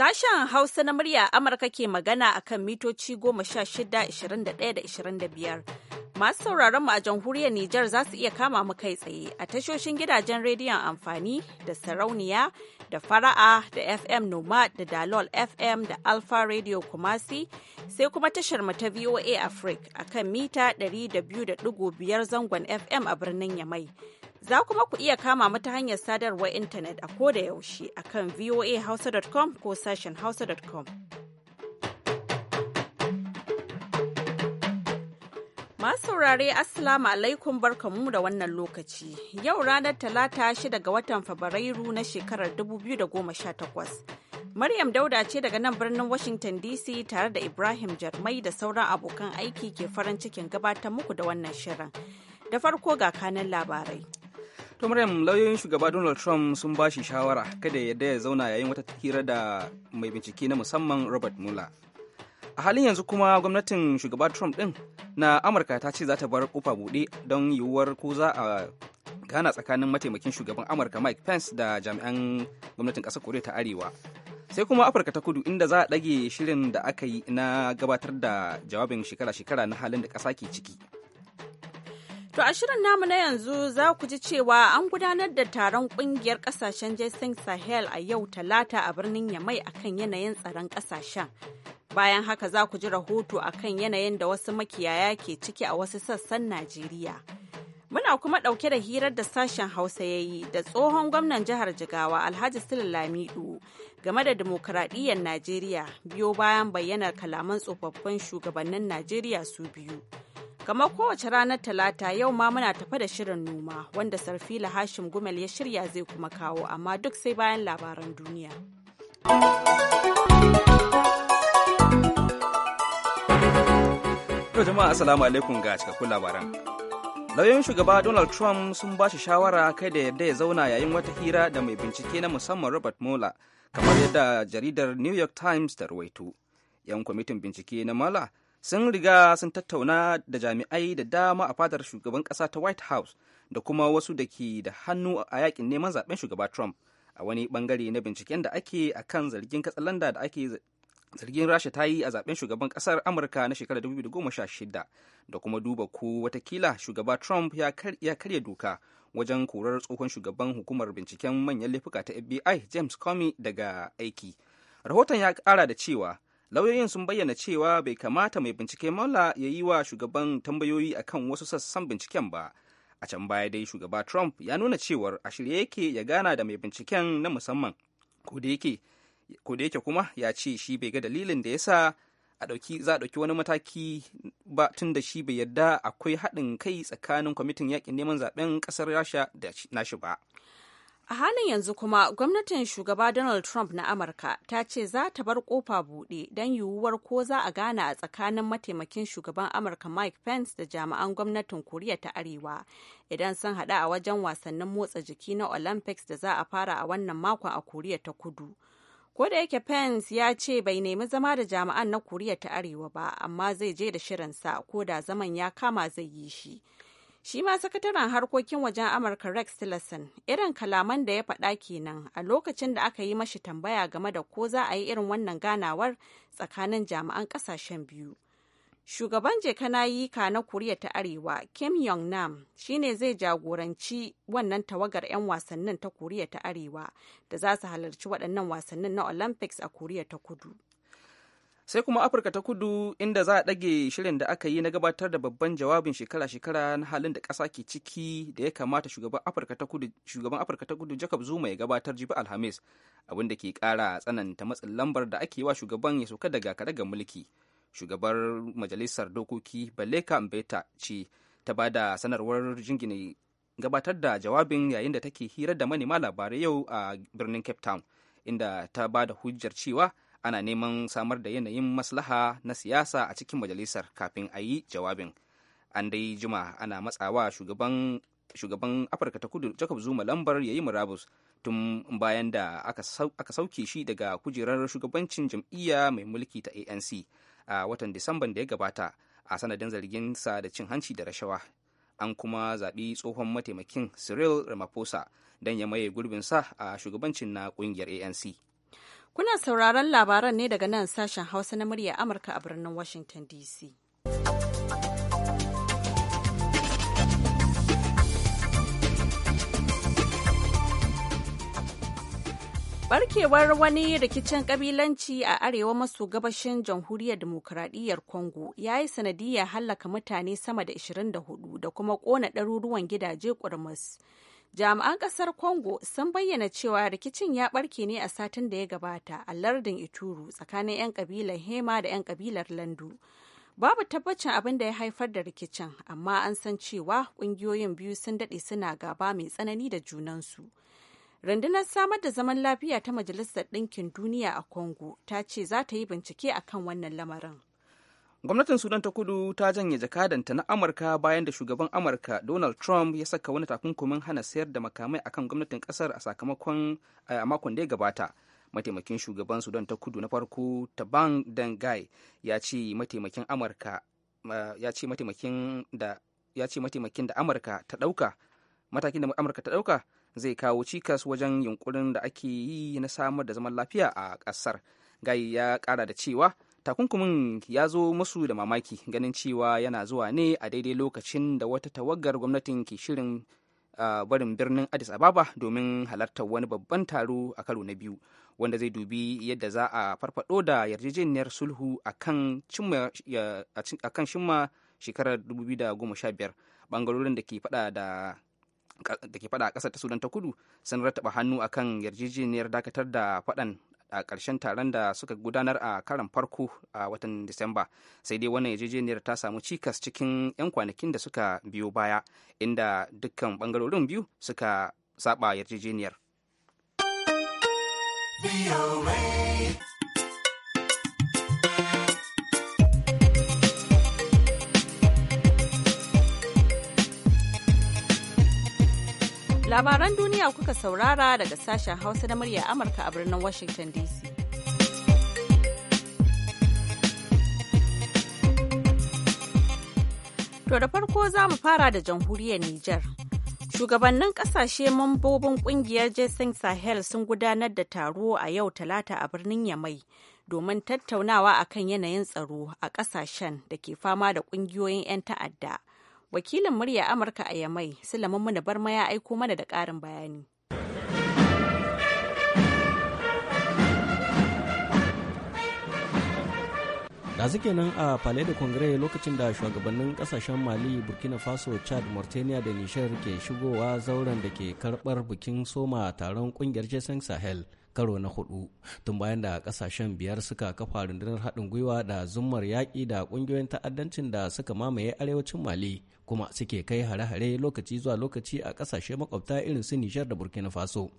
Sashen Hausa na murya Amurka ke magana a kan mitoci 16-21-25. Masu sauraron mu a jamhuriyar Nijar za su iya kama mu kai tsaye a tashoshin gidajen rediyon amfani da sarauniya da fara'a da FM nomad da Dalol FM da Alpha Radio Kumasi sai kuma tashar mu ta VOA Africa a kan mita 200.5 zangon FM a birnin Yamai. Za kuma ku iya kama mu ta hanyar sadarwar intanet a koda yaushe a kan voahausa.com ko sashen hausa.com. Masu saurare Assalamu alaikum barkamu da wannan lokaci. Yau ranar Talata shida ga watan Fabrairu na shekarar 2018. Maryam Dauda ce daga nan birnin Washington DC tare da Ibrahim Jarmai da sauran abokan aiki ke farin cikin gabatar muku da wannan shirin. Da farko ga kanan labarai. to maryam lauyoyin shugaba donald trump sun ba shi shawara kada yadda ya zauna yayin wata hira da mai bincike na musamman robert mueller a halin yanzu kuma gwamnatin shugaba trump din na amurka ta ce za ta bar kofa buɗe don yiwuwar ko za a gana tsakanin mataimakin shugaban amurka mike pence da jami'an gwamnatin ƙasar koriya ta arewa sai kuma afirka ta kudu inda za a ɗage shirin da aka yi na gabatar da jawabin shekara-shekara na halin da ƙasa ke ciki To a shirin namu na yanzu za ku ji cewa an gudanar da taron kungiyar kasashen jason Sahel a yau talata a birnin Yamai akan yanayin tsaron kasashen. Bayan haka za ku ji rahoto a kan yanayin da wasu makiyaya ke ciki a wasu sassan Najeriya. Muna kuma ɗauke da hirar da sashen Hausa ya yi da tsohon gwamnan jihar Jigawa Alhaji Sule Lamidu game da demokuraɗiyyar Najeriya biyo bayan bayyanar kalaman tsofaffin shugabannin Najeriya su biyu. Kamar kowace ranar Talata yau ma muna tafa da shirin noma wanda Sarfila Hashim Gumel ya shirya zai kuma kawo amma duk sai bayan labaran duniya. Yau jama'a Assalamu alaikum ga cikakkun labaran. Lauyoyin shugaba Donald Trump sun ba shi shawara kai da yadda ya zauna yayin wata hira da mai bincike na musamman Robert Mueller kamar yadda jaridar New York Times ta ruwaito. 'Yan kwamitin bincike na Mueller sun riga sun tattauna da jami'ai da dama a fadar shugaban ƙasa ta white house da kuma wasu da ke da hannu a yakin neman zaɓen shugaba trump a wani bangare na binciken da ake a kan zargin katsalanda da ake zargin rasha ta yi a zaɓen shugaban ƙasar amurka na shekarar 2016 da kuma duba ko watakila shugaba trump ya karya doka wajen korar tsohon shugaban hukumar binciken manyan laifuka ta fbi james comey daga aiki rahoton ya kara da cewa lauyoyin sun bayyana cewa bai kamata mai bincike maula ya yi wa shugaban tambayoyi akan wasu sassan binciken ba a can baya dai shugaba Trump ya nuna cewar a shirye yake ya gana da mai binciken na musamman ko da yake kuma ya ce shi bai ga dalilin da yasa a ɗauki za a ɗauki wani mataki ba tun da shi bai yarda akwai haɗin kai tsakanin kwamitin yakin neman zaɓen ƙasar rasha da nashi ba A halin yanzu kuma gwamnatin shugaba Donald Trump na Amurka ta ce za ta bar kofa buɗe don yiwuwar ko za a gana a tsakanin mataimakin shugaban Amurka Mike Pence da jami'an gwamnatin Koriya ta Arewa idan sun haɗu a wajen wasannin motsa jiki na Olympics da za a fara a wannan makon a Koriya ta Kudu. Ko da yake Pence ya ce bai nemi zama da jami'an na Koriya ta Arewa ba, amma zai je da shirinsa ko da zaman ya kama zai yi shi. Shi ma sakataren harkokin wajen Amurka Rex Tillerson irin kalaman da ya faɗa kenan a lokacin da aka yi mashi tambaya game da ko za a yi irin wannan ganawar tsakanin jami'an ƙasashen biyu. Shugaban Jekanayi ka na Koriya ta Arewa Kim Yong Nam shine zai jagoranci wannan tawagar 'yan wasannin ta Koriya ta Arewa da za su halarci waɗannan wasannin na Olympics a Koriya ta Kudu. sai kuma afirka ta kudu inda za a ɗage shirin da aka yi na gabatar da babban jawabin shekara-shekara na halin da ƙasa ke ciki da ya kamata shugaban afirka ta kudu shugaban afirka ta kudu jacob zuma ya gabatar jibi alhamis abin da ke kara tsananta matsin lambar da ake wa shugaban ya sauka daga ga mulki shugabar majalisar dokoki baleka mbeta ce ta ba da sanarwar jingine gabatar da jawabin yayin da take hira da manema labarai yau a birnin cape town inda ta ba da hujjar cewa ana neman samar da yanayin maslaha na siyasa a cikin majalisar kafin a yi jawabin an dai juma ana matsawa shugaban shugaban afirka ta kudu jacob zuma lambar ya yi murabus tun bayan da aka sauke shi daga kujerar shugabancin jam'iyya mai mulki ta anc a watan disamban da ya gabata a sanadin zarginsa da cin hanci da rashawa an kuma zaɓi tsohon mataimakin cyril ramaphosa don ya maye gurbinsa a shugabancin na ƙungiyar anc Kuna sauraron labaran ne daga nan sashen Hausa na murya Amurka a birnin Washington DC. Barkewar wani rikicin ƙabilanci a arewa maso gabashin jamhuriyar demokuraɗiyyar Congo ya yi sanadiyar hallaka mutane sama da 24 da kuma ƙona ɗaruruwan gidaje ƙurmus. jami'an kasar congo sun bayyana cewa rikicin ya barke ne a satin da ya gabata a lardin ituru tsakanin 'yan kabilar hema da 'yan kabilar landu babu tabbacin abin da ya haifar da rikicin amma an san cewa kungiyoyin biyu sun dade suna gaba mai tsanani da junansu rundunar samar da zaman lafiya ta majalisar ɗinkin duniya a congo ta ce za ta yi bincike akan wannan lamarin gwamnatin sudan ta kudu ta janye jakadanta na amurka bayan da shugaban amurka donald trump ya saka wani takunkumin hana sayar da makamai akan gwamnatin kasar a sakamakon eh, a makon da ya gabata mataimakin shugaban sudan ta kudu na farko taban dangai ya ce mataimakin amurka ya ce mataimakin da ya ce mataimakin da amurka ta dauka matakin da amurka ta dauka zai kawo cikas wajen yunkurin da ake yi na samar da zaman lafiya a kasar gai ya kara da cewa takunkumin ya zo musu da mamaki ganin cewa yana zuwa ne a daidai lokacin da wata tawagar gwamnatin ke shirin barin birnin addis ababa domin halartar wani babban taro a karo na biyu wanda zai dubi yadda za a farfado da yarjejeniyar sulhu a kan shimma shekarar 2015 bangarorin da ke fada da da ke fada a ƙasar ta sudan ta kudu sun rattaba hannu akan yarjejeniyar dakatar da fadan a ƙarshen taron da suka gudanar a karan farko a watan disamba sai dai wannan yarjejeniyar ta samu cikas cikin 'yan kwanakin da suka biyo baya inda dukkan bangarorin biyu suka saba yarjejeniyar. Labaran duniya kuka saurara daga sashen Hausa na murya Amurka a birnin Washington DC. To da farko za mu fara da jamhuriyar Nijar. Shugabannin kasashe mambobin kungiyar Jason Sahel sun gudanar da taro a yau talata a birnin Yamai domin tattaunawa akan yanayin tsaro a kasashen da ke fama da kungiyoyin 'yan ta'adda wakilin murya amurka a yamai sulaiman mana barma ya aiko mana da karin bayani da suke nan a palais de congrès lokacin da shugabannin kasashen mali burkina faso chad mauritania da nishar ke shigowa zauren da ke karbar bikin soma taron kungiyar jason sahel karo na hudu tun bayan da kasashen biyar suka kafa rundunar haɗin gwiwa da zummar yaƙi da ƙungiyoyin ta'addancin da suka mamaye arewacin mali kuma suke kai hare-hare lokaci zuwa lokaci a ƙasashe makwabta irin su Nijar da Burkina Faso.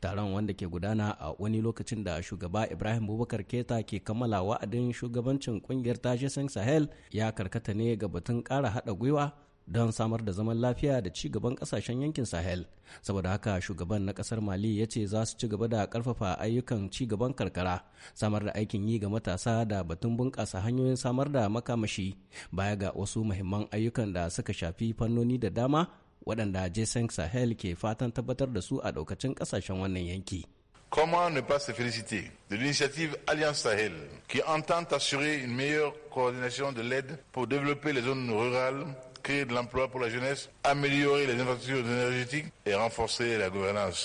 Taron wanda ke gudana a wani lokacin da shugaba Ibrahim Bubakar Keta ke kammala wa'adin shugabancin kungiyar Tajisan Sahel ya karkata ne ga batun kara haɗa gwiwa don samar da zaman lafiya da ci gaban kasashen yankin sahel saboda haka shugaban na kasar mali ya ce za su ci gaba da karfafa ayyukan ci gaban karkara samar da aikin yi ga matasa da batun bunƙasa hanyoyin samar da makamashi baya ga wasu muhimman ayyukan da suka shafi fannoni da dama waɗanda jason e sahel ke fatan tabbatar da su a ɗaukacin kasashen wannan yanki Comment ne pas se féliciter de l'initiative Alliance Sahel qui entend assurer une meilleure coordination de l'aide pour développer les zones rurales créer de l'emploi pour la jeunesse, améliorer les infrastructures énergétiques et renforcer la gouvernance.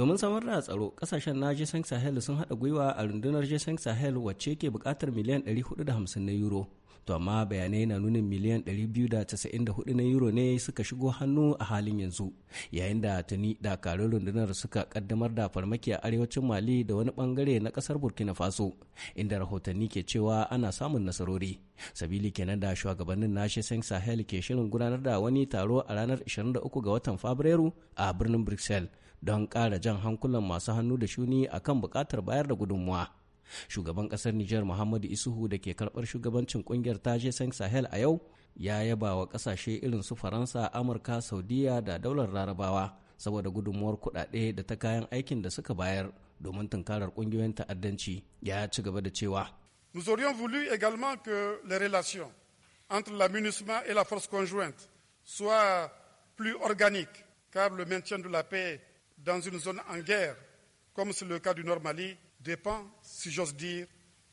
domin samar da tsaro kasashen na g sahel sun haɗa gwiwa a rundunar g sahel wacce ke buƙatar miliyan 450 na euro to amma bayanai na nuna miliyan 294 na euro ne suka shigo hannu a halin yanzu yayin da tuni dakarun rundunar suka kaddamar da farmaki a arewacin mali da wani bangare na kasar burkina faso inda rahotanni ke cewa ana samun nasarori sabili kenan da shugabannin nashi sen sahel ke shirin gudanar da wani taro a ranar 23 ga watan fabrairu a birnin Brussels, don ƙara jan hankulan masu hannu da shuni akan bukatar bayar da gudunmuwa. Shugaban kasar Nijar Muhammadu Isuhu da ke karɓar shugabancin kungiyar Taje Sang Sahel a yau ya yaba wa kasashe irin su Faransa, Amurka, Saudiya da daular Larabawa saboda gudunmuwar kuɗaɗe da ta kayan aikin da suka bayar domin tunkarar ƙungiyoyin ta'addanci ya ci gaba da cewa. Nous aurions voulu également que les relations entre la MINUSMA et la force conjointe soient plus organiques, car le maintien de la paix dans une zone en guerre, comme c'est le cas du Nord Mali, dépend, si j'ose dire,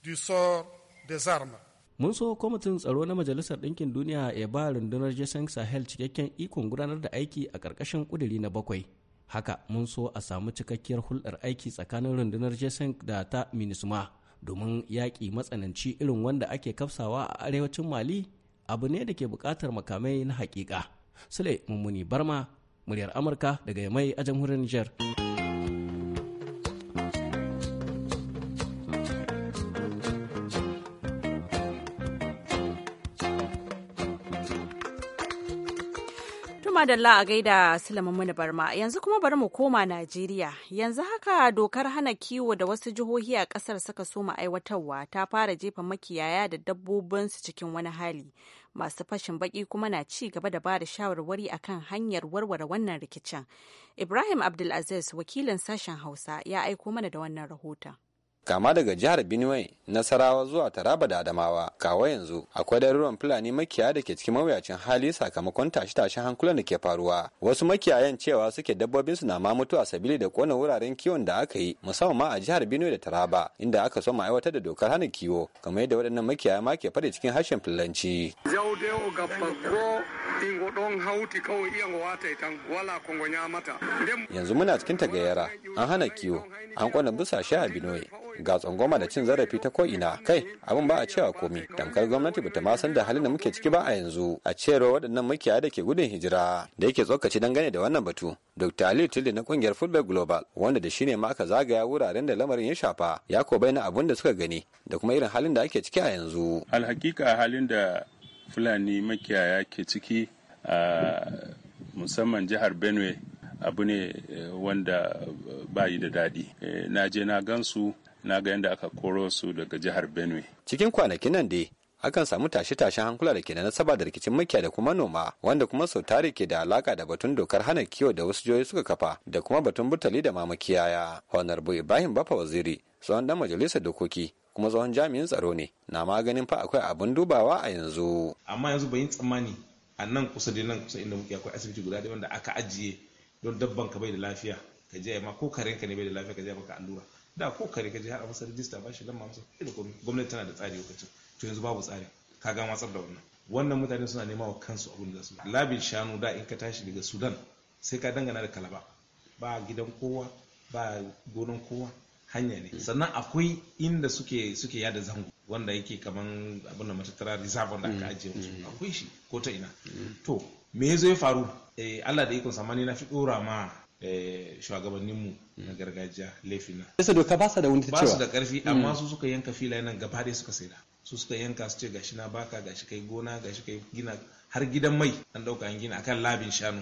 du sort des armes. Mun so kwamitin tsaro na Majalisar Ɗinkin Duniya ya ba rundunar Jason Sahel cikakken ikon gudanar da aiki a ƙarƙashin ƙuduri na bakwai. Haka mun so a samu cikakkiyar hulɗar aiki tsakanin rundunar Jason da ta Minisma domin yaƙi matsananci irin wanda ake kafsawa a arewacin Mali abu ne da ke buƙatar makamai na haƙiƙa. Sule Mummuni Barma, muryar Amurka daga Yamai a jamhuriyar Nijar. madalla a gaida Sulaiman Barma yanzu kuma bari mu koma Najeriya yanzu haka dokar hana kiwo da wasu jihohi a ƙasar suka so mu aiwatarwa ta fara jefa makiyaya da dabbobinsu cikin wani hali masu fashin baki kuma na ci gaba da ba da shawarwari akan hanyar warware wannan rikicin Ibrahim Abdulaziz wakilin sashen Hausa ya aiko mana da wannan rahoton kama daga jihar benue nasarawa zuwa taraba da adamawa kawa yanzu akwai daruruwan fulani makiyaya da ke cikin mawuyacin hali sakamakon tashe-tashen hankulan da ke faruwa wasu makiyayan cewa suke dabbobin su na ma a sabili da kona wuraren kiwon da aka yi musamman ma a jihar benue da taraba inda aka so ma aiwatar da dokar hana kiwo kamar yadda waɗannan makiyaya ma ke faɗi cikin harshen fulanci. yanzu muna cikin tagayyara an hana kiwo an kona busashe a benue ga tsangwama da cin zarafi ta ko'ina kai abin ba a cewa komi tamkar gwamnati bata ma san da halin da muke ciki ba a yanzu a cewar waɗannan makiyaya da ke gudun hijira da yake tsokaci dangane da wannan batu dr ali tilde na kungiyar football global wanda da shine ma aka zagaya wuraren da lamarin ya shafa ya ko bayyana abin da suka gani da kuma irin halin da ake ciki a yanzu alhaƙiƙa halin da fulani makiyaya ke ciki a musamman jihar benue abu ne eh, wanda eh, bayi da daɗi eh, na je na gansu na ga yadda aka koro su daga jihar benue cikin kwanakin nan dai akan samu tashe-tashen hankula da ke da nasaba da rikicin makiya da kuma noma wanda kuma sau tare ke da alaka da batun dokar hana kiwo da wasu jihohi suka kafa da kuma batun butali da ma makiyaya honorable ibrahim bafa waziri tsohon dan majalisar dokoki kuma tsohon jami'in tsaro ne na maganin fa akwai abin dubawa a yanzu amma yanzu bayin tsammani a nan kusa da nan kusa inda muke akwai asibiti guda wanda aka ajiye don dabban ka bai da lafiya ka je ma ko karenka ne bai da lafiya ka je maka allura da ko ka riga jihar a masa rijista ba shi lamma masa gwamnati tana da tsari lokacin to yanzu babu tsari ka ga matsar da wannan wannan mutane suna nema wa kansu abin da su labin shanu da in ka tashi daga sudan sai ka dangana da kalaba ba gidan kowa ba gonan kowa hanya ne sannan akwai inda suke suke yada zango wanda yake kaman abin da matattara reserve wanda aka ajiye wasu mm. akwai shi ko ta ina mm. to me ya faru eh Allah da ikon samani na fi dora ma Eh, shugabanninmu mm. na gargajiya laifin na. Yasa doka ba su da wani cewa. Ba su da karfi amma mm. su suka yanka filayen nan gaba dai suka saida. Su suka yanka su ce gashi na baka gashi kai gona gashi kai gina har gidan mai an ɗauka an gina akan labin shanu.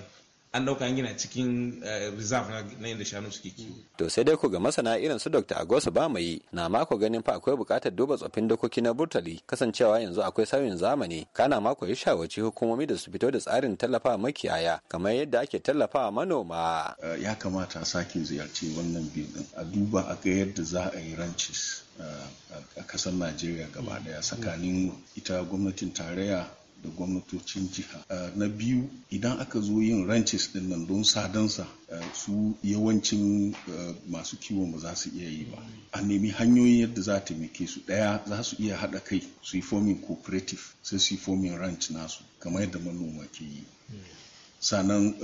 an dauka an gina cikin eh, reserve na yadda shanu suke kiwo. To sai dai ku ga masana irin su Dr. Agosu mai na mako ganin fa akwai bukatar duba tsoffin dokoki na burtali kasancewa yanzu akwai sauyin zamani kana mako ya shawarci hukumomi da su fito da tsarin tallafawa makiyaya kamar yadda ake tallafawa manoma. Eh, ya kamata a sake ziyarci wannan bidin a duba a ga yadda za a yi ranches eh, a kasar Najeriya gaba daya tsakanin ita gwamnatin tarayya da gwamnatocin jiha ah, na biyu idan aka zo yin ranches din nan don sadansa ah, su yawancin ah, masu kiwon ba za su iya yi ba a nemi hanyoyin yadda za ta taimake su ɗaya za su iya haɗa kai su yi forming cooperative sai su yi forming ranch nasu kamar yadda manoma ke yi sannan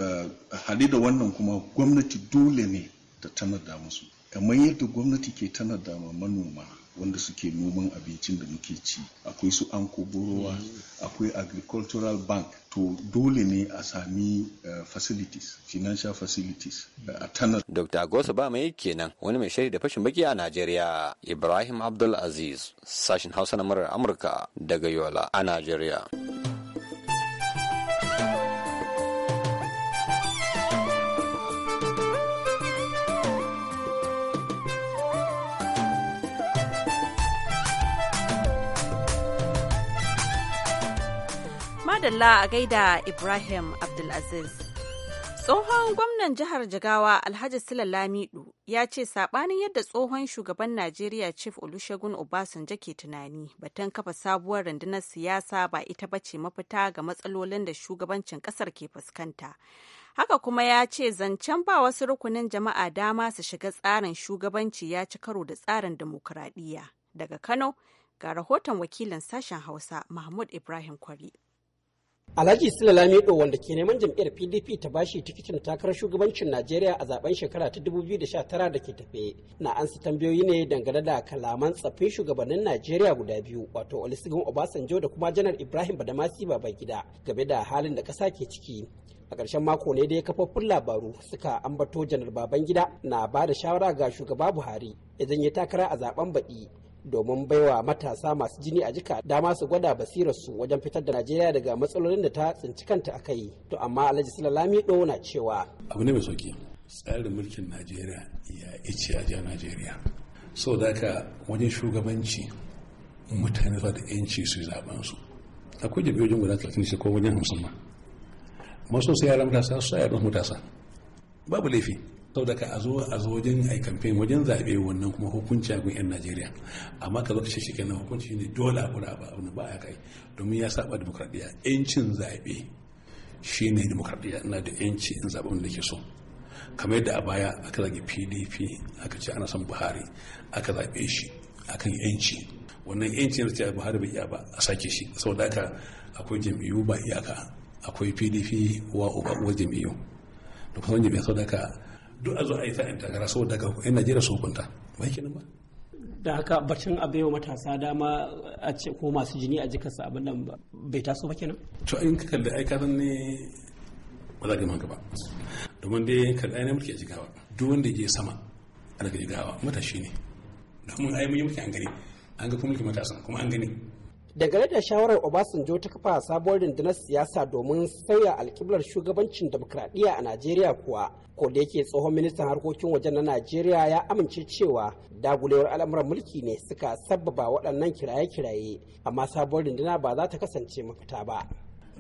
hade da wannan kuma gwamnati dole ne ta tanada musu kamar yadda gwamnati ke tanada ma manoma wanda suke noman abincin da muke ci akwai su anko borowa mm. akwai agricultural bank to dole ne a sami eh, facilities financial facilities eh, a tanar dr gosa ba mai kenan wani mai shari da fashin baki a najeriya ibrahim abdul aziz sashin hausa na murar amurka daga yola a najeriya madalla a gaida Ibrahim Abdulaziz. Tsohon gwamnan jihar Jigawa Alhaji Sula Lamidu ya ce saɓanin yadda tsohon shugaban Najeriya Chief Olusegun Obasanjo ke tunani batun kafa sabuwar rundunar siyasa ba ita ba ce mafita ga matsalolin da shugabancin ƙasar ke fuskanta. haka kuma ya ce zancen ba wasu rukunin jama'a dama su shiga tsarin shugabanci ya ci karo da tsarin demokuraɗiyya daga kano ga rahoton wakilin sashen hausa mahmud ibrahim kwari Alhaji Sila Lamido wanda ke neman jam'iyyar PDP ta bashi tikitin takarar shugabancin Najeriya a zaben shekara ta 2019 da ke tafe. Na an ansa tambayoyi ne dangane da kalaman tsaffin shugabannin Najeriya guda biyu wato Olusegun Obasanjo da kuma Janar Ibrahim Badamasi Babangida game da halin da ƙasa ke ciki. a ƙarshen mako ne dai kafofin labaru suka ambato janar babangida na ba da shawara ga shugaba buhari idan ya takara a zaben baɗi domin baiwa matasa masu jini a jika dama su gwada basirarsu wajen fitar da najeriya daga matsalolin da ta tsinci kanta a kai to amma alhaji sulalami ɗo na cewa abu ne mai sauki tsarin mulkin najeriya ya ice a najeriya so da ka wajen shugabanci mutane za da yanci su zaben su akwai wajen guda talatin da ko wajen hamsin ma masu sai yaran matasa su yaran matasa babu laifi sau a zo a zo wajen ai kamfen wajen zaɓe wannan kuma hukunci a gun najeriya amma ka zo ka shi kenan hukunci ne dole a kura ba wani ba a kai domin ya saba demokradiyya 'yancin zaɓe shine demokradiyya na da 'yanci in zaɓe wanda ke so kamar yadda a baya aka zage pdp aka ce ana son buhari aka zaɓe shi akan 'yanci wannan 'yanci a ce buhari bai iya ba a sake shi saboda haka akwai jam'iyyu ba iyaka akwai pdp wa uba uwa jam'iyyu da kusan jam'iyyar saboda haka duk a zo a yi sa'in takara sau daga yan najeriya su hukunta ba kenan ba da haka bacin a baiwa matasa dama a ce ko masu jini a jikarsa abin nan bai taso ba kenan to in ka kalli aika zan ne ba za ka manka ba domin dai ka kalli ne mulki a jigawa duk wanda ke sama a daga jigawa matashi ne domin ai mun yi mulki an gani an ga kuma mulki matasa kuma an gani daga da shawarar obasanjo ta kafa sabuwar rundunar siyasa domin sauya alkiblar shugabancin demokradiyya a najeriya kuwa ko da yake tsohon ministan harkokin wajen na najeriya ya amince cewa dagulewar al'amuran mulki ne suka sabbaba waɗannan kiraye-kiraye amma sabuwar runduna ba za ta kasance mafita ba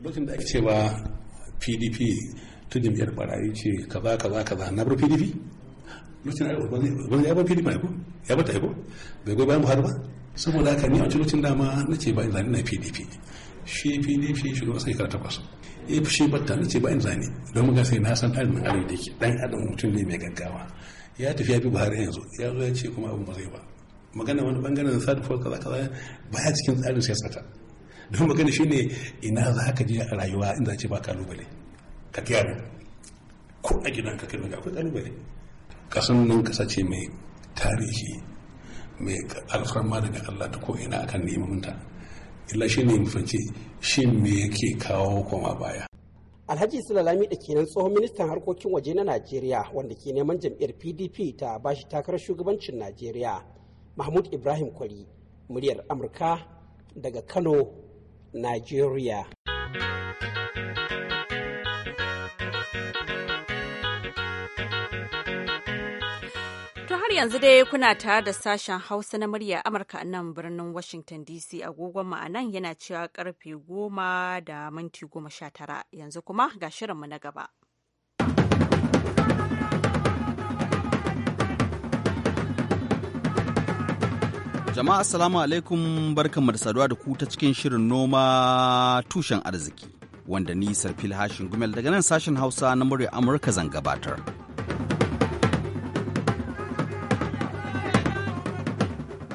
lokacin da ake cewa pdp tun jam'iyyar barayi ce kaza kaza kaza na bar pdp lokacin da ya bar pdp ya bar ta ya bai goyi bayan buhari ba saboda haka ni a cikin dama na ce ba in zane na pdp shi pdp shugaban sai kara takwas ya fi shi batta na ce ba in zane don ga sai na san tsarin arewa da ke dan adam mutum ne mai gaggawa ya tafi ya bi buhari yanzu ya zo ya ce kuma abin ba zai ba magana wani bangaren da sadu fuwa kaza kaza baya cikin tsarin siyasa ta don magana shi ne ina za ka je a rayuwa inda ce ba kalubale ka gyara ko a gidan ka kai akwai kalubale kasan nan kasa ce mai tarihi mai alfarma daga Allah ta ko'ina akan nemanminta illa shi ne mafarki shi me yake kawo koma baya alhaji sulalami da kenan tsohon ministan harkokin waje na najeriya wanda ke neman jam'iyyar pdp ta bashi takarar shugabancin najeriya mahmud ibrahim kwari muryar amurka daga kano najeriya yanzu dai kuna tare da sashen Hausa na murya Amurka a nan birnin Washington DC agogon mu anan yana cewa karfe goma da minti goma sha tara yanzu kuma ga shirinmu na gaba. Jama'a Assalamu alaikum barkanmu da saduwa da ku ta cikin shirin noma tushen arziki wanda ni Sarfil Hashin Gumel daga nan sashen Hausa na murya Amurka zan gabatar.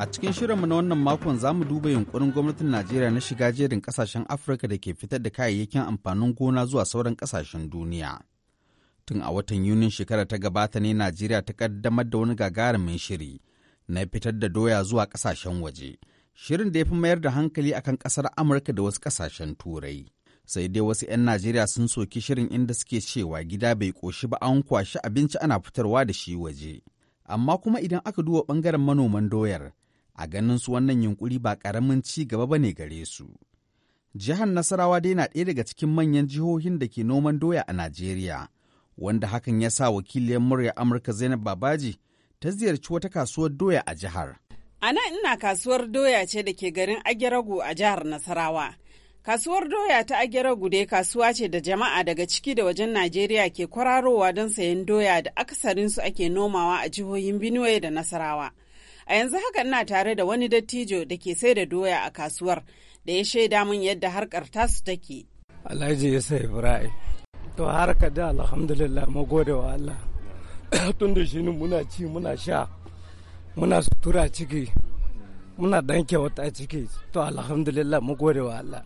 A cikin shirinmu na wannan makon za mu duba yunkurin gwamnatin Najeriya na shiga jerin kasashen Afirka da ke fitar da kayayyakin amfanin gona zuwa sauran kasashen duniya. Tun a watan Yunin shekara ta gabata ne Najeriya ta kaddamar da wani gagarumin shiri na fitar da doya zuwa kasashen waje. Shirin da ya fi mayar da hankali akan kasar Amurka da wasu kasashen Turai. Sai dai wasu 'yan Najeriya sun soki shirin inda suke cewa gida bai ƙoshi ba an kwashi abinci ana fitarwa da shi waje. Amma kuma idan aka duba ɓangaren manoman doyar, a ganin su wannan yunkuri ba ƙaramin ci gaba ba ne gare su. Jihar Nasarawa dai na ɗaya daga cikin manyan jihohin da ke noman doya a Najeriya, wanda hakan ya sa wakiliyar murya Amurka Zainab Babaji ta ziyarci wata kasuwar doya a jihar. A nan ina kasuwar doya ce da ke garin Ageragu a jihar Nasarawa. Kasuwar doya ta Ageragu dai kasuwa ce da jama'a daga ciki da wajen Najeriya ke kwararowa don sayen doya da akasarinsu ake nomawa a jihohin Benue da Nasarawa. A yanzu haka ina tare da wani dattijo da ke sai da doya a kasuwar da ya shaida min yadda harkar tasu take. Alhaji sai Ibrahim. To harka da alhamdulillah mu gode wa Allah. Tun da shi muna ci muna sha muna sutura ciki muna danke wata ciki to alhamdulillah mu gode wa Allah.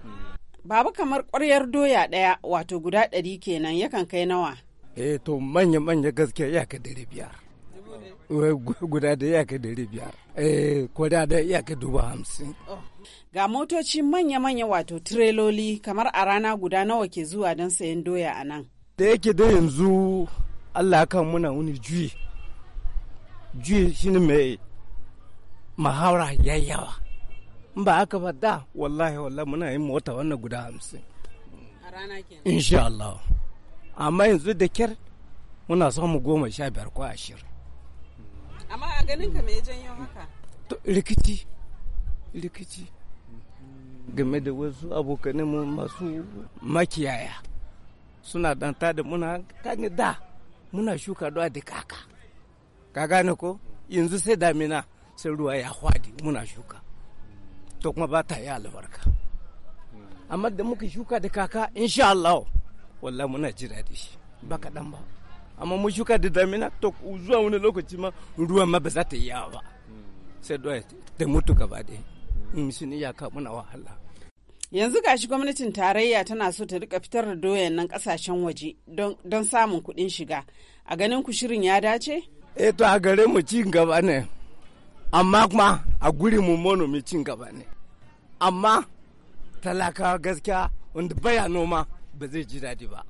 Babu kamar ƙwaryar doya ɗaya wato guda ɗari kenan yakan kai nawa. Eh to manya-manya gaskiya ya ka dare biyar. guda da iyaka dari biyar eh, ko da iyaka dubu hamsin oh. ga motoci manya-manya wato tireloli kamar a rana guda nawa ke zuwa don sayan doya a nan da yake da yanzu allah kan muna wani juyi juyi shine mai mahaura yayyawa in ba aka ba da wallahi wallahi muna yin mota wannan guda hamsin a rana kenan insha allah amma yanzu da kyar muna samu goma sha biyar ko ashirin amma a ganin ka mai janyo haka rikici rikici game da wasu abokanin mu masu makiyaya suna danta da muna kani da muna shuka doa da kaka ka gane ko yanzu sai damina sai ruwa ya hwadi muna shuka to kuma ba ta yi albarka amma da muka shuka da kaka insha Allah wallahi muna jira da shi ba kaɗan ba amma mun shuka da damina to zuwa wani lokaci ma ruwan ma ba za ta yi yawa ba sai doya ta mutu gaba da mm, shi ne iyaka muna wahala yanzu gashi gwamnatin tarayya tana so ta rika fitar da doyan nan kasashen waje don samun kuɗin shiga a ganin ku shirin ya dace eh to a gare mu cin gaba ne amma kuma a guri mu mu cin gaba ne amma talaka gaskiya wanda baya noma ba zai ji daɗi ba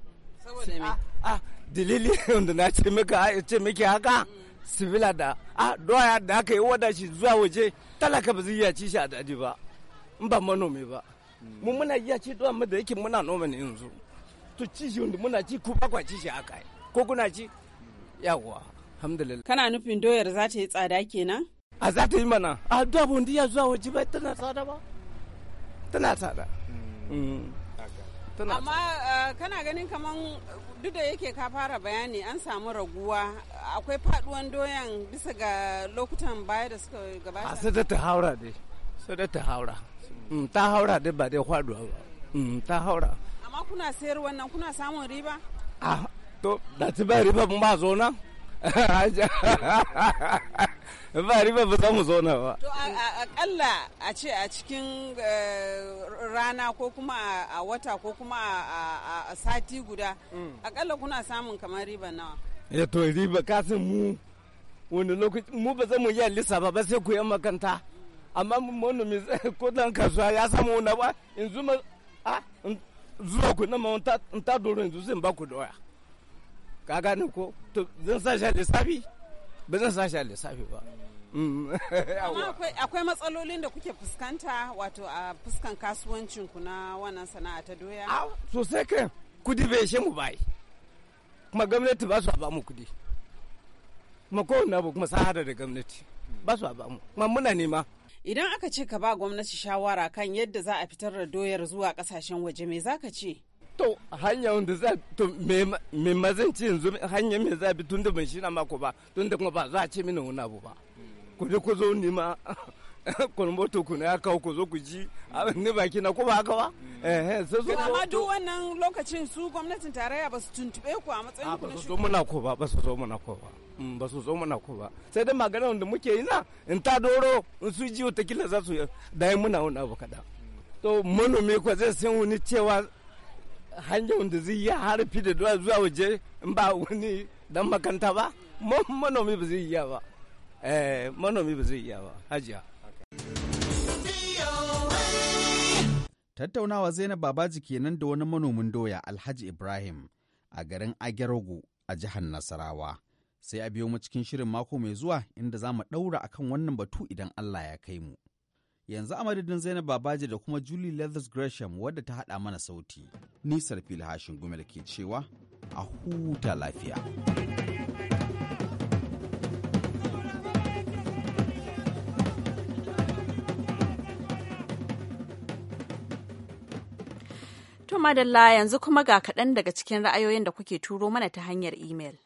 dalili wanda na ce maka ce miki haka sibila da a ah, doya da aka yi wada shi zuwa waje talaka ba zai iya ci shi a daji ba in ba manomi ba mu muna iya ci doya mu da yake muna noma ne yanzu to ci shi wanda muna ci ku ba kwa ci shi haka ko kuna ci yawa alhamdulillah kana nufin doyar za ta yi tsada kenan a za ta yi mana a doya ba wanda iya zuwa waje ba tana tsada ba tana tsada mm. amma eh, kana ganin kaman duk da yake ka fara bayani an samu raguwa akwai faduwan doyan bisa ga lokutan baya da suka gabata ah, sai da ta haura dai sai da ta haura mm, ta haura dai ba dai faduwa ba mm, ta haura amma kuna sayar wannan kuna samun riba ah to da ta ba riba ba zo nan ba riba ba za mu na ba to akalla a ce a cikin eh, rana ko kuma a wata ko kuma a sati guda mm. akalla kuna samun kamar riba nawa ya eh, to riba kasin mu wani lokaci mu ba za mu yi alisa ba sai ku yan makanta amma manomi ko dan kasuwa ya samu wani ba in zuma a ah, zuwa ku na ma in ta doro yanzu zan ba ku doya ka gane ko to zan sa shi a lissafi ba zan sa shi a lissafi ba mm. amma akwai matsalolin da kuke fuskanta wato a fuskan kasuwancin ku na wannan sana'a ta doya sosai kan kudi bai shi mu bai kuma gwamnati ba su ba mu kudi kuma kowanne abu kuma sahara da gwamnati ba su ba mu kuma muna nema idan aka ce ka ba gwamnati shawara kan yadda za a fitar da doyar zuwa kasashen waje me zaka ce to hanya wanda za to me mazan ce yanzu hanya me za bi tunda ban shina mako ba tunda kuma ba za a ce mini wani abu ba ku da ku zo ni ma kun moto ku na kawo ku zo ku ji ne baki na ko ba haka ba eh, eh sai zo amma duk wannan lokacin su gwamnatin tarayya ba su tuntube ku a matsayin ah, ku na su zo muna ko ba ba su zo muna ko ba mm, ba su zo muna ko ba sai dai maganar da muke yi na in ta doro in su ji wata kila za su da muna wani abu kada to manomi ko zai san wani cewa hanyar da zai yi harfi da duwa zuwa waje in ba wani dan makanta ba manomi ba zai yi ba eh, manomi ba zai yi ba hajiya tattaunawa zainab babaji kenan da wani manomin doya alhaji ibrahim a garin agerogo a jihar nasarawa sai a biyo mu cikin shirin mako mai zuwa inda za mu ɗaura akan wannan batu idan allah ya kai mu Yanzu a madadin Zainab Babaji da kuma Julie Leathers Gresham wadda ta haɗa mana sauti. nisar fili Hashin Gumel ke cewa a huta lafiya. To madalla yanzu kuma ga kaɗan daga cikin ra'ayoyin da kuke turo mana ta hanyar imel.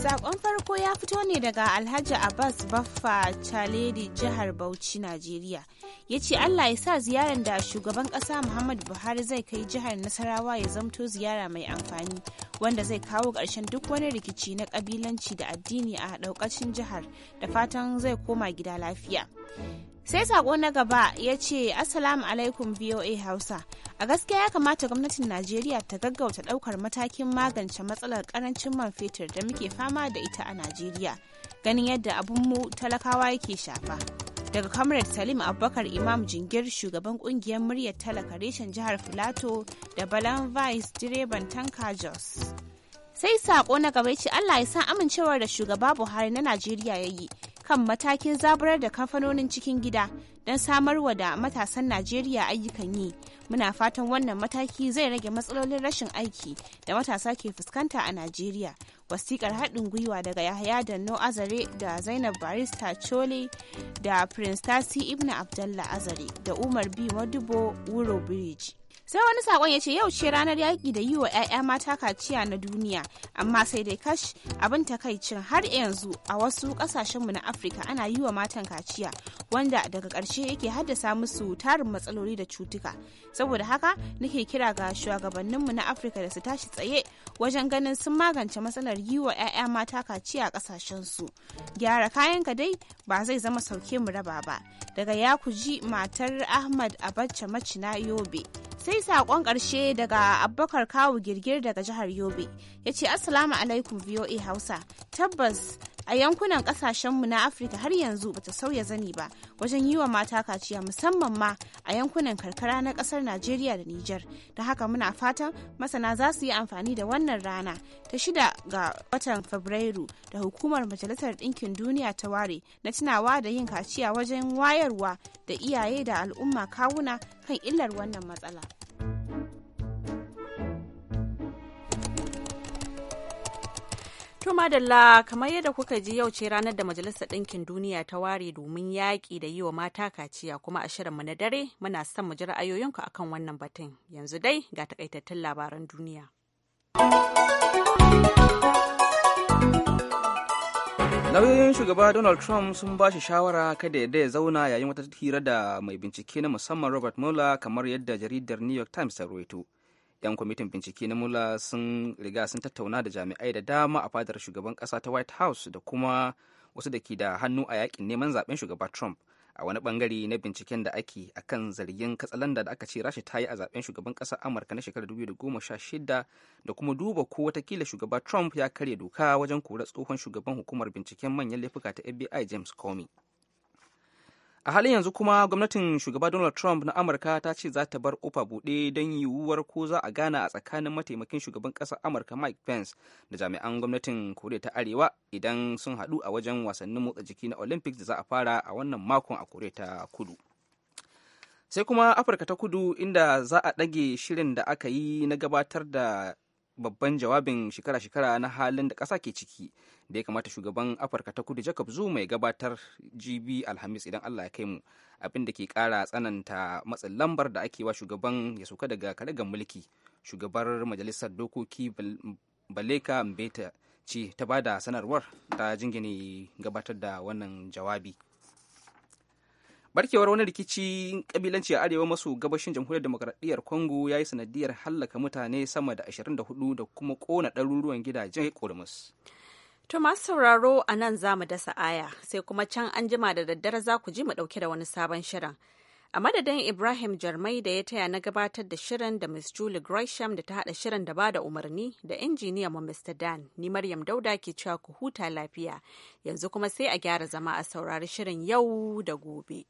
Sakon farko ya fito ne daga Alhaji Abbas Baffa Chaledi jihar Bauchi, Najeriya. Ya ce Allah ya sa ziyarar da shugaban ƙasa Muhammadu Buhari zai kai jihar Nasarawa ya zamto ziyara mai amfani wanda zai kawo ƙarshen duk wani rikici na ƙabilanci da addini a ɗaukacin jihar da fatan zai koma gida lafiya. sai sako na gaba ya ce assalamu alaikum voa hausa a gaskiya ya kamata gwamnatin najeriya ta gaggauta daukar matakin magance matsalar karancin man fetur da muke fama da ita a najeriya ganin yadda abunmu talakawa yake shafa daga comrade salim abubakar imam jingir shugaban kungiyar muryar talaka reshen jihar filato da balan vice direban tanka jos sai sako na gaba ya ce allah ya sa amincewar da shugaba buhari na najeriya ya yi kan matakin zaburar da kamfanonin cikin gida don samarwa da matasan Najeriya ayyukan yi. Muna fatan wannan mataki zai rage matsalolin rashin aiki da matasa ke fuskanta a Najeriya. Wasiƙar haɗin gwiwa daga Yahaya da No Azare da Zainab Barista Chole da Prince Tasi Ibn Abdallah Azare da Umar B. Madubo Wuro Bridge. sai wani sakon ya ce yau ce ranar yaƙi da yi wa 'ya'ya mata kaciya na duniya amma sai dai kash abin takaicin har yanzu a wasu ƙasashenmu na afirka ana yi wa matan kaciya wanda daga ƙarshe yake haddasa musu tarin matsaloli da cutuka saboda haka nake kira ga shugabanninmu na afirka da su tashi tsaye wajen ganin sun magance matsalar yi wa 'ya'ya mata kaciya a su gyara kayanka dai ba zai zama sauke mu raba ba daga ya ji matar ahmad abacha macina yobe sai saƙon ƙarshe daga abubakar kawu girgir daga jihar yobe ya ce assalamu alaikum voa hausa tabbas a yankunan kasashenmu na afirka har yanzu bata sauya zani ba wajen yi wa mata kaciya musamman ma a yankunan karkara na kasar najeriya da niger da haka muna fatan masana za su yi amfani da wannan rana ta shida ga watan fabrairu da hukumar majalisar ɗinkin duniya ta ware na tunawa da yin kaciya wajen wayarwa da iyaye da al'umma kawuna kan illar wannan matsala. To madalla kamar yadda kuka ji yau ce ranar da Majalisar Ɗinkin Duniya ta ware domin yaƙi da yi wa mata kaciya kuma a shirinmu na dare muna son mu ji ra'ayoyinku akan wannan batun. Yanzu dai ga takaitattun labaran duniya. Lauyoyin shugaba Donald Trump sun ba shi shawara kada ya daya zauna yayin wata hira da mai bincike na musamman Robert Mueller kamar yadda jaridar New York Times ta ruwaito. 'yan kwamitin bincike na mula sun riga sun tattauna da jami'ai da dama a fadar shugaban kasa ta white house da kuma wasu da ke da hannu a yakin neman zaben shugaban trump a wani bangare na binciken da ake a kan zargin katsalanda da aka ce rashi ta yi a zaben shugaban kasar amurka na shekarar 2016 da kuma duba ko watakila shugaba trump ya karya doka wajen kura tsohon shugaban hukumar binciken manyan laifuka ta fbi james comey a halin yanzu kuma gwamnatin shugaba donald trump na amurka ta ce za ta bar kofa buɗe don yiwuwar ko za a gana a tsakanin mataimakin shugaban ƙasar amurka mike pence da jami'an gwamnatin koriya ta arewa idan sun haɗu a wajen wasannin motsa jiki na olympics da za a fara a wannan makon a koriya ta kudu sai kuma afirka ta kudu inda za a ɗage shirin da aka yi na gabatar da babban jawabin shekara-shekara na halin da ƙasa ke ciki da ya kamata shugaban afirka ta kudu jacob zuma mai gabatar gb alhamis idan allah ya kai mu abin da ke ƙara tsananta matsin lambar da ake wa shugaban ya sauka daga karagar mulki shugabar majalisar dokoki baleka mbeta ce ta bada sanarwar ta jingine gabatar da wannan jawabi barkewar wani rikicin kabilanci a arewa maso gabashin jamhuriyar demokradiyyar congo ya yi sanadiyar hallaka mutane sama da 24 da kuma kona ɗaruruwan gidajen kurmus to masu sauraro a nan za mu dasa aya sai kuma can an jima da daddare za ku ji mu ɗauke da wani sabon shirin a madadin ibrahim jarmai da ya taya na gabatar da shirin da miss julie gresham da ta haɗa shirin da ba da umarni da injiniya mu mr dan ni maryam dauda ke cewa ku huta lafiya yanzu kuma sai a gyara zama a saurari shirin yau da gobe